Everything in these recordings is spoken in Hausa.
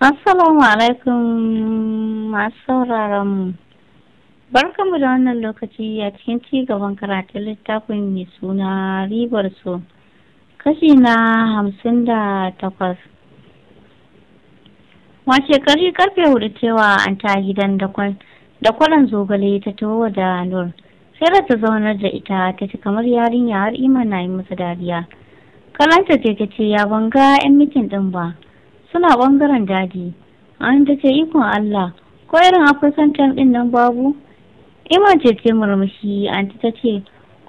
Assalamu alaikum masu sauraron mu. Barkanmu da wannan lokaci a cikin ci gaban karatun littafin mai suna ribar so. Kashi na hamsin da takwas. Wace kashi karfe hudu cewa an ta gidan da kwaran zogale ta towa da nur. Sai da ta zaunar da ita ta ci kamar yarinya har imana yi masa dariya. Kalanta ce ta ce ya banga 'yan mitin ɗin ba. suna bangaren daji an ta ce ikon Allah ko irin afirkan din nan babu Iman ce ce murmushi an ta ce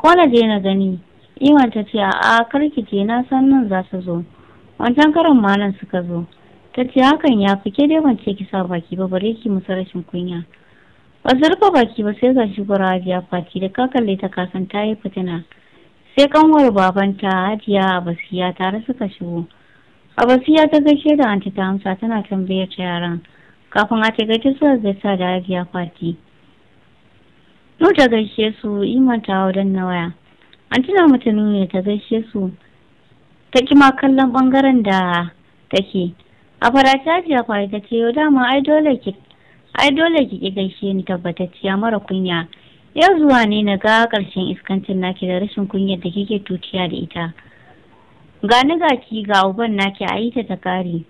ko na je na gani Iman ta ce a'a karki je na san nan za su zo wancan karin malan suka zo ta ce hakan ya fi ke dai ce ki baki ba bare ki musu rashin kunya ba su rufe baki ba sai ga shi hajiya fati da ka kalle ta kasan ta yi fitina sai kanwar babanta hajiya a basiya tare suka shigo Abasiya ta gaishe da anti ta amsa tana tambayar ta yaran kafin a ta gaishe su zai sa da ya fati. Nu ta gaishe su iman ta wajen na waya. Anti na mutane ne ta gaishe su ta kima kallon bangaren da take. A farace hajiya fati ta ce dama ai dole ki gaishe ni tabbatacciya mara kunya. Yau zuwa ne na ga ƙarshen iskancin naki da rashin kunyar da kike tuciya da ita. gani ga ki ga uban naki a yi ta ta kare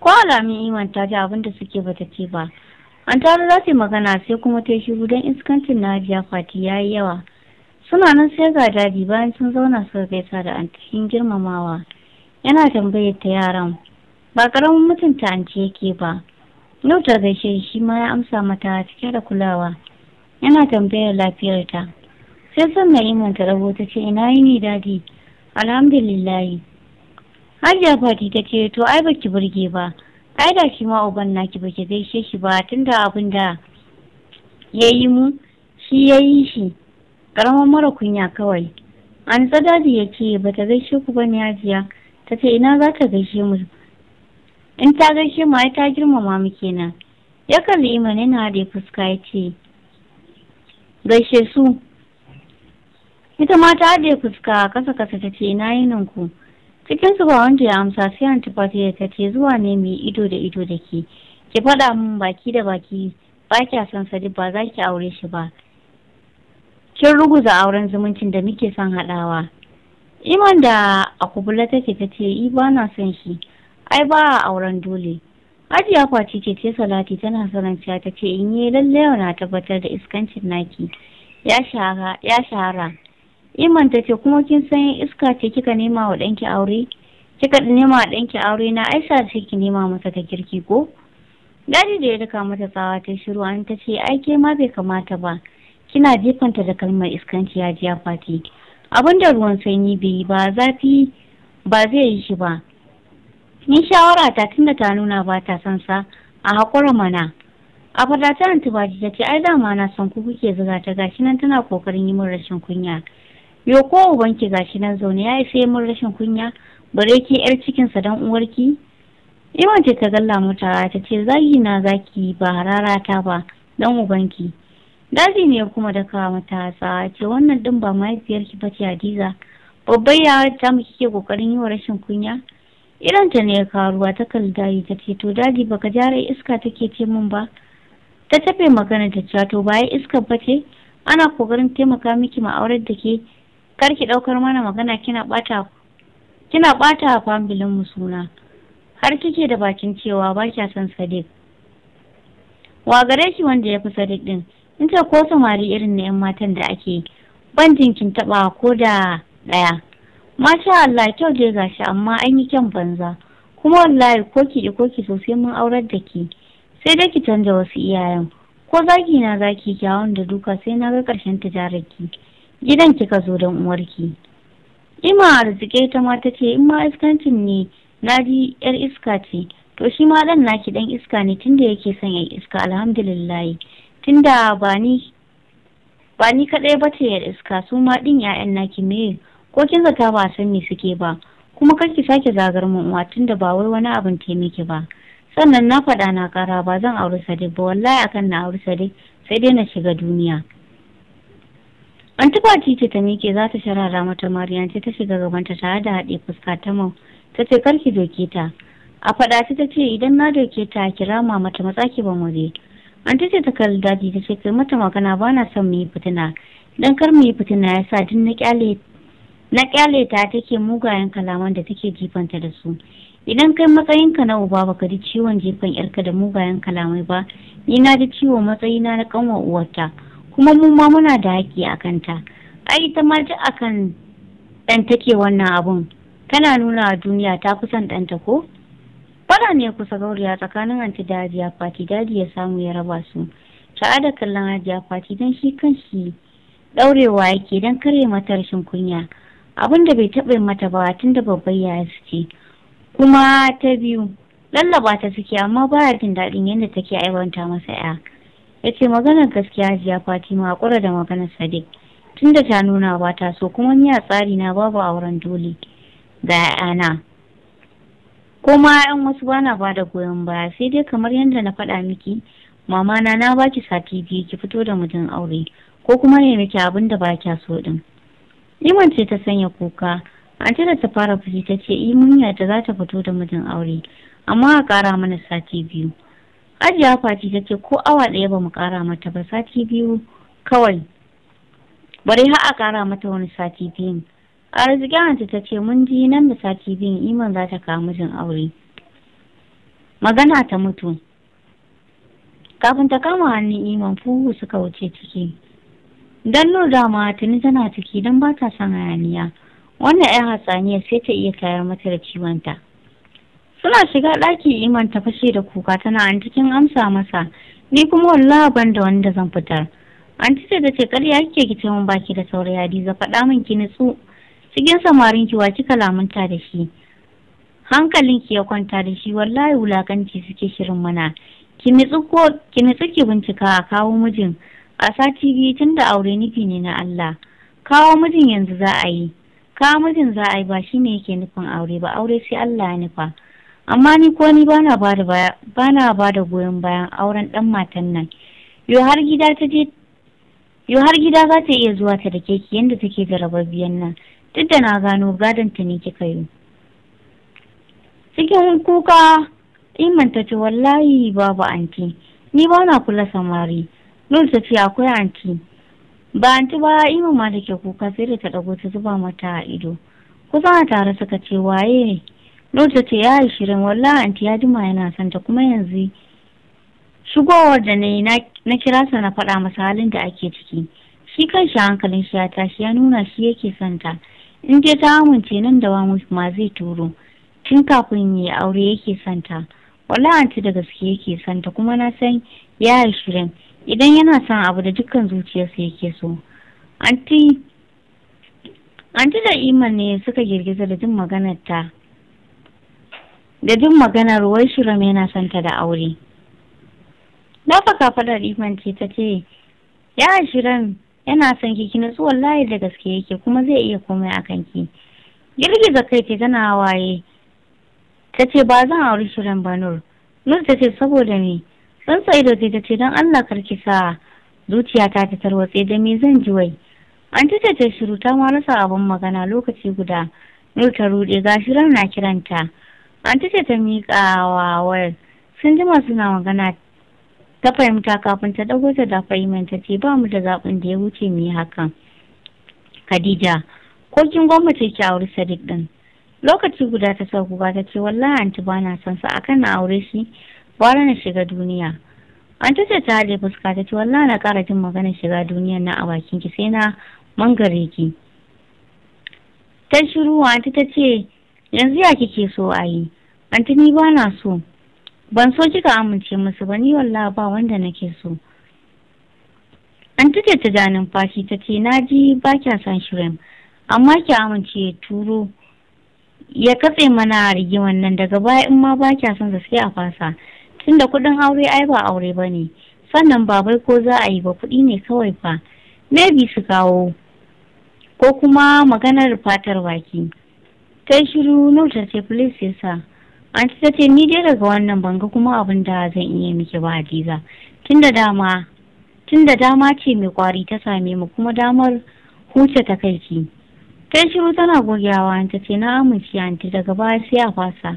ko alamin iman ta ji abin da suke bata ce ba an taro za su yi magana sai kuma ta shiru don iskancin na biya fati ya yi yawa suna nan sai ga dadi bayan sun zauna suka gaisa da antikin girmamawa yana tambayar ta yaran ba karamin mutunta anti yake ba yau ta gaishe shi ma ya amsa mata cike da kulawa yana tambayar lafiyarta sai son mai imanta rabo ta ce ina yi ni dadi alhamdulillahi hajiya fati ta ce to ai baki burge ba ai da shi ma uban naki baki gaishe shi ba tun da abin da ya yi mu shi ya yi shi karamin mara kunya kawai an tsadadi ya ce ba ta gaishe ku ba ne hajiya ta ce ina za ta gaishe mu in ta gaishe mu ai ta girmama mu kenan ya kalli imanin na ya fuska ya ce gaishe su ita ma ta ajiye fuska kasa kasa ta ce ina nan ku cikin su ba wanda ya amsa sai an ta ce zuwa ne mai ido da ido da ke ki faɗa min baki da baki ba kya son sadi ba za ki aure shi ba kin ruguza auren zumuncin da muke son haɗawa iman da a kubula take ta ce i ba na son shi ai ba a auren dole Hajiya kwaci ce ce Salati tana sananciya ta ce in yi lalle na tabbatar da iskancin naki ya shahara Iman ta ce kuma kin san iska ce kika nema wa ɗanki aure? Kika nema wa ɗanki aure na Aisha ce ki nema masa ta kirki ko? Daji da ya daka mata tsawa ta shiru an ta ce ai ke ma bai kamata ba. Kina jefanta da kalmar iskanci ya ji fati. Abin da ruwan sanyi bai yi ba zafi ba zai yi shi ba. Ni shawara ta tunda ta nuna ba ta san sa a haƙura mana. a fata ta antibaji ta ce ai dama na san ku kuke zuga ta gashi nan tana kokarin yi min rashin kunya yo ko ubanki gashi nan zaune ya sai mun rashin kunya bare ki yar cikinsa dan uwarki iman eh, ce ta galla mata ta ce zagi na zaki ba harara ta ba dan ubanki daji ne kuma da kawo mata sa ce wannan din ba mahaifiyarki ba ce hadiza babbar ya ta mu kike kokarin yi wa rashin kunya ta ne ya kawo ruwa ta kalli daji ta ce to daji baka jara iska take ce min ba ta tafe magana ta ce, to ba iska ba ce ana kokarin taimaka miki ma'aurar da ke kar ki ɗaukar mana magana kina ɓata kina bata fambilin mu suna har kike da bakin cewa ba kya son sadiq wa gare shi wanda ya fi sadiq din in ce ko samari irin na 'yan matan da ake ban jinkin taɓa ko da ɗaya masha Allah kyau dai gashi amma an yi kyan banza kuma wallahi ko ki ko ki sosai mun aurar da ki sai dai ki canza wasu iyayen ko zaki na zaki kyawun da duka sai na ga karshen tijarar ki gidan kika zo don uwarki ima arziki ta ma ta ce in ma iskancin ne na ji yar iska ce to shi ma dan naki dan iska ne tunda yake son yar iska alhamdulillahi tunda ba ni ba ni kadai ba ce yar iska su ma din ƴaƴan naki me ko kin zata ba san me suke ba kuma kar ki sake zagar uwa tunda ba wai wani abin taimaki ba sannan na faɗa na kara ba zan auri sadik ba wallahi akan na auri sadik sai dai na shiga duniya an taba ce ta miƙe za ta sharara mata ce ta shiga gabanta tare da haɗe fuska ta mau ta ce karki doke ta a faɗa ta ce idan na doke ta kira mama ta ki ba je an ta ce ta kalli daji ta ce kai mata magana ba na son mu yi fitina dan kar mu yi fitina ya sa din na kyale ta ta take mugayen kalaman da take jifanta da su idan kai matsayinka na uba baka ji ciwon jifan yarka da mugayen kalamai ba ni na ji ciwo matsayina na kanwa uwarta kuma mu ma muna da haƙƙi a kanta ai ita ma a akan ɗan take wannan abun tana nuna a duniya ta fi son ɗanta ko fara ne kusa gauriya tsakanin anti da hajiya fati dadi ya samu ya raba su ta'a da kallon hajiya fati don shi kan shi ɗaurewa yake don kare mata rashin kunya abin da bai taɓa mata ba tun da babban ya suke kuma ta biyu lallaba ta suke amma baya jin daɗin yadda take aiwanta masa 'ya. ya ce maganar gaskiya jiya, fatima a kura da maganar sadiq tunda ta nuna ba ta so kuma miya tsari na babu auren dole ga 'ya'yana ko ma 'yan wasu bana ba da goyon baya sai dai kamar yadda na faɗa miki mama na na baki sati biyu ki fito da mijin aure ko kuma ne miki abin da ba kya so din Iman ce ta sanya kuka an da ta fara fushi ta ce imunya eh, ta za ta fito da mijin aure amma a ƙara mana sati biyu Ajiya Fati ta ce ko awa ɗaya ba mu ƙara mata ba sati biyu kawai. Bari har a ƙara mata wani sati biyun. Arziki ta ce mun ji nan da sati biyun iman za ta kawo mijin aure. Magana ta mutu. Kafin ta kama hannun iman fuhu suka wuce ciki. Don nur dama tuni tana ciki don ba ta son hayaniya. Wannan 'yan hatsaniya sai ta iya tayar mata da ciwonta. suna shiga ɗakin iman ta fashe da kuka tana an cikin amsa masa ni kuma wallahi ban da wanda zan fitar an ce da ce karya kike ki mun baki da saurayi hadiza faɗa min ki nitsu cikin samarin ki waci kalamunta da shi hankalin ki ya kwanta da shi wallahi wulakanci suke shirin mana ki nitsu ko ki nitsu ki bincika a kawo mijin a sati biyu tun da aure nufi ne na Allah kawo mijin yanzu za a yi kawo mijin za a yi ba shi ne yake nufin aure ba aure sai Allah ya nufa amma ni ko ni bana ba da bana ba goyon bayan auren dan matan nan yo har gida ta je yo har gida za ta iya zuwa ta da keki yanda take da biyan nan duk da na gano gadon ta ne kika yi cikin kuka iman ta ce wallahi babu anti ni ba na kula samari nun ta ce akwai anti ba anti ba iman ma da ke kuka sai da ta dago ta zuba mata a ido kusa tare suka ce waye Rojo ce ya yi shirin anti ya jima yana santa kuma yanzu shigowar da na na kira sa na faɗa masa halin da ake ciki. Shi kan shi hankalin shi ya tashi ya nuna shi yake santa. In dai ta amince nan da wa ma zai turo. Tun kafin ya aure yake santa. Walla anti da gaske yake santa kuma na san ya yi shirin. Idan yana son abu da dukkan zuciyarsa yake so. Anti Anti da Iman ne suka girgiza da jin maganar ta. da duk maganar wai shiram yana son ta da aure dafa kafadar iman ce ta ce ya shiram yana son kiki ki nutsu layi da gaske yake kuma zai iya komai akan ki girgiza kai ce tana waye ta ce ba zan auri shirin ba nur nur ta ce saboda me sa ido ta ce don allah karki sa zuciyata ta tarwatse da me zan ji wai an ta ce shiru ta ma rasa abin magana lokaci guda nur ta ruɗe ga shirin na kiranta an ce ta miƙa wa wayar sun jima suna magana ta fahimta kafin ta dauko ta da fahimta ce ba mu da zaɓin da ya wuce mu yi hakan khadija ko kin gwamnati ki aure sadiq din lokaci guda ta sauku ba ta ce wallahi anti ba na son sa akan na aure shi bara na shiga duniya an ta ce ta hade fuska ta ce wallahi na ƙara jin magana shiga duniyar na a bakin ki sai na mangare ki ta shiru ta ce yanzu ya kike so a yi anti ni ba na so ban so kika amince musu ba ni walla ba wanda nake so an tuke ta ja numfashi ta ce na ji ba kya san shirin amma ki amince ya turo ya katse mana a rigiman nan daga baya in ma ba kya san gaske a fasa tunda kuɗin aure ai ba aure ba ne sannan ba ko za a yi ba kuɗi ne kawai fa maybe su kawo ko kuma maganar fatar baki ta shiru nautar ce police ya sa anti ta ce ni dai daga wannan banga kuma abin da zan iya miki ba hadiza Tun dama dama ce mai kwari ta same mu kuma damar huce ta kai ki ta shiru tana gogewa an ta ce na amince ta daga baya sai a fasa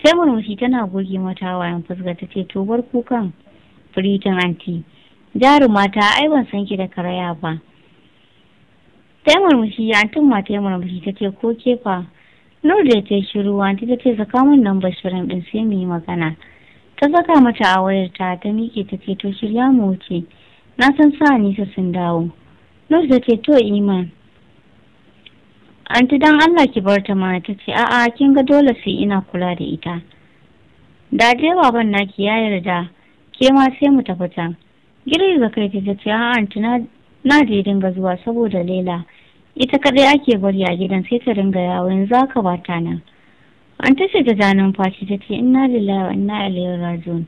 ta murmushi tana goge mata wayan fuska ta ce to bar kukan firitin anti jarumata mata ai ban san ki da karaya ba ta murmushi antin ma ya ta ce ko kefa Nur da ta yi shiru wanti ta ce saka min ba shirin din sai mu yi magana. Ta saka mata a wayar ta ta miƙe ta ce to shirya mu wuce. Na san sa ni nisa sun dawo. Nur da ce to iman. Anti dan Allah ki bar ta mana ta ce a'a kin ga dole sai ina kula da ita. Da dai baban naki ya yarda ke ma sai mu tafi can. Girgiza kai ta ce a'a anti na je dinga zuwa saboda Laila. ita kadai ake bari a gidan sai ta ringa yawo yanzu haka ba ta nan an tashi da zanen fashi ta ce inna lillahi wa inna ilaihi rajiun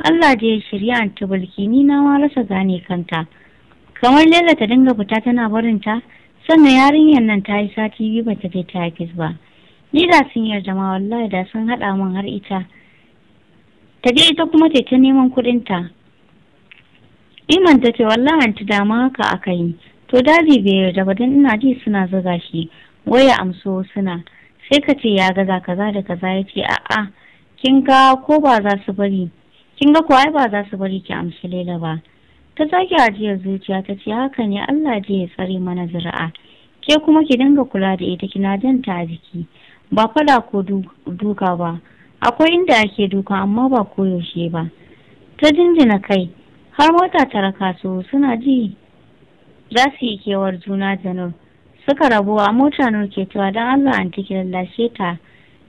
Allah da ya shirya an ta ni na ma rasa gane kanta kamar Laila ta dinga fita tana barin ta sannan yarinyar nan ta yi sati biyu ba ta je ta yi ba ni da sun yarda ma wallahi da sun haɗa min har ita ta je ita kuma ta ta neman kuɗinta. ta iman ta ce wallahi an ta dama haka aka yi to dadi bai yarda ba don ina ji suna zuga shi waya amso suna sai ka ce ya gaza kaza da kaza ya ce a'a kin ga ko ba za su bari kin ga kuwa ba za su bari ki amshi lela ba ta sake ajiyar zuciya ta ce haka ne Allah je ya tsare mana zira'a ke kuma ki dinga kula da ita kina jan ta a jiki ba fada ko duka ba akwai inda ake duka amma ba koyaushe ba ta jinjina kai har mota ta raka su suna ji za su yi kewar juna da nur suka rabu a mota nur ke cewa don allah an ciki lallashe ta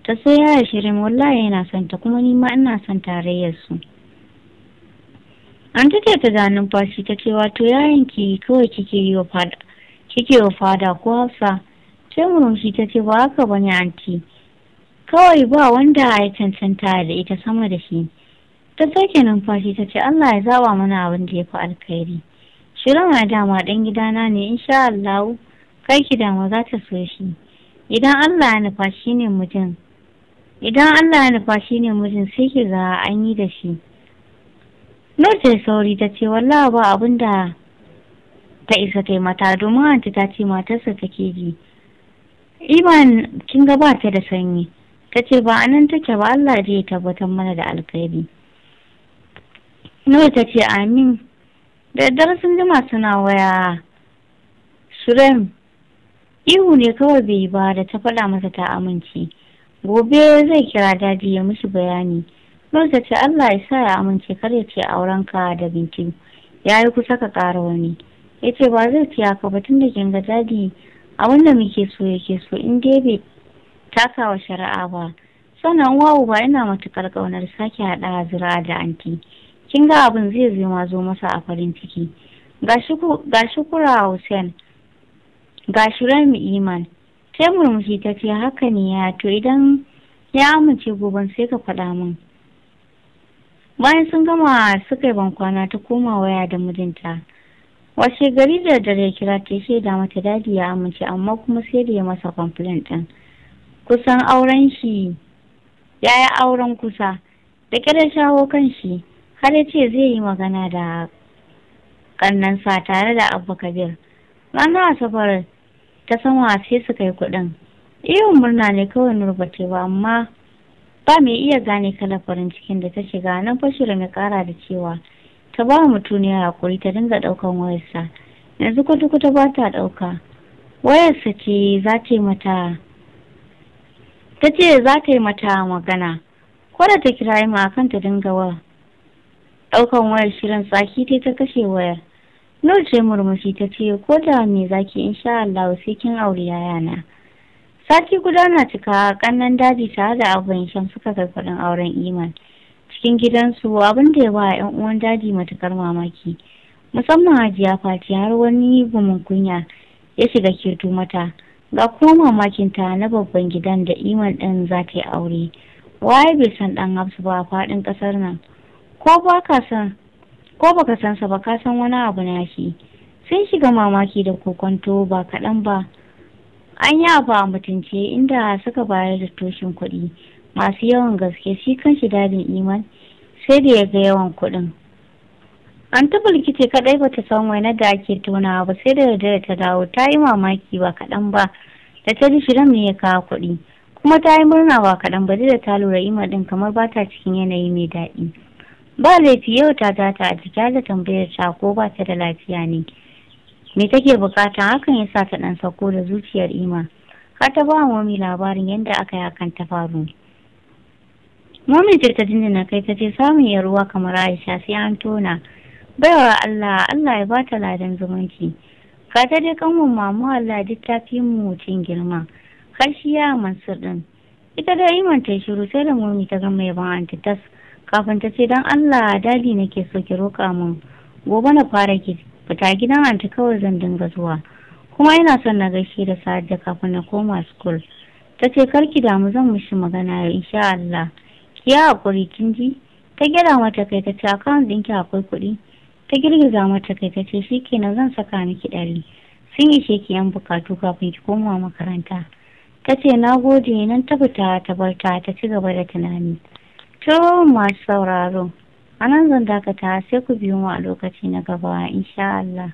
ta so ya shirin wallahi yana son ta kuma nima ina son tarayyar su an take ta da numfashi ta ce wato yayin ki kawai kike yi wa fada kike wa fada ko hausa. sai murmushi ta ce ba haka bane anti kawai ba wanda ya cancanta da ita sama da shi ta sake numfashi ta ce Allah ya zaba mana abin da ya fi alkhairi shirin a dama dan gidana ne insha Allah kai ki dama za ta so shi idan Allah ya nufa shi ne mijin idan Allah ya nufa shi ne sai ki ga an yi da shi Nur ta sauri ta ce wallahi ba abin da ta isa ta yi mata domin anti ta ce matarsa ta ke ji Iman kin ga ba ta da sanyi ta ce ba anan take ba Allah zai tabbatar mana da alkhairi Nur ta ce amin da daddare sun jima suna waya surem ihu ne kawai bai ba da ta faɗa masa ta amince gobe zai kira daji ya musu bayani Murza ce Allah ya sa ya amince kar ya ce ka da binti ya yi kusa ka ƙara wani ya ce ba zai ce haka ba tun da ga daji a wanda muke so yake so in dai bai takawa shari'a ba sannan wawu ba ina matuƙar ƙaunar sake haɗa zira da anti. kin ga abin zai zai ma zo masa a farin ciki gashi kura hussein gashi rami iman sai murmushi ta ce haka ne ya to idan ya amince goben sai ka faɗa min bayan sun gama suka yi bankwana ta koma waya da mijinta washe gari da dare kira ta yi shaida mata dadi ya amince amma kuma sai da ya masa kwamfilin ɗin? kusan auren shi ya yi auren kusa da kyar shawo kan shi har ya ce zai yi magana da ƙannansa tare da abba kabir ranar asabar ta wa sai su kai kuɗin iyon murna ne kawai nurbate ba amma ba mai iya gane kala farin cikin da ta shiga nan fashirin ya ƙara da cewa ta ba a hakuri ta dinga ɗaukar wayarsa yanzu kwata-kwata ba ta ɗauka. wayarsa ce za ta yi mata ta ce za ta yi mata magana ko ta kira ma akan ta dinga wa ɗaukan wayar shirin tsaki ta ta kashe wayar nur ce murmushi ta ce ko da me zaki in sha Allah sai kin aure yana sati guda na cika kannan daji tare da abin shan suka kai kudin auren iman cikin gidansu abin da ya ba yan uwan daji matukar mamaki musamman hajiya fati har wani gumin kunya ya shiga kirtu mata ga kuma mamakinta na babban gidan da iman ɗin za ta yi aure waye bai san ɗan hafsu ba a faɗin ƙasar nan ko ba ka san baka san sa ba ka san wani abu na shi Sun shiga mamaki da kokonto ba kaɗan ba an yi abu a mutunce inda suka bayar da toshin kuɗi masu yawan gaske shi kan shi dadin iman sai da ya ga yawan kuɗin an taba rikici kaɗai ba ta san wainar da ake tonawa ba sai da yarda ta dawo ta yi mamaki ba kaɗan ba da ta ji shirin ne ya kawo kuɗi kuma ta yi murna ba kaɗan ba da ta lura ima ɗin kamar ba ta cikin yanayi mai daɗi. ba laifi yau ta data a jika da tambayar ta ko ba ta da lafiya ne me take bukata hakan ya sa ta dan sako da zuciyar ima har ta ba mami labarin yadda aka yi hakan ta faru mami ta ta na kai ta ce samun 'yar ruwa kamar aisha sai an tona baiwa allah allah ya bata ladan zumunci ka ta dai mun mamu allah duk ta fi mu cin girma har shi ya mansur din ita da iman ta shiru sai da mami ta gama yaban antitas kafin ta ce don Allah dadi nake so ki roƙa min gobe na fara ki fita gidan anti kawai zan dinga zuwa kuma ina son na gaishe da da kafin na koma school ta ce ki damu zan mishi magana ya insha Allah ki ya hakuri kin ji ta gyara mata kai ta ce akawun ɗinki akwai kuɗi ta girgiza mata kai ta ce shikenan zan saka miki ɗari sun ishe ki yan bukatu kafin ki koma makaranta ta ce na gode nan ta fita ta bar ta ta ci gaba da tunani To masu sauraro, a zan dakata sai ku biyo mu a lokaci na gaba, insha Allah.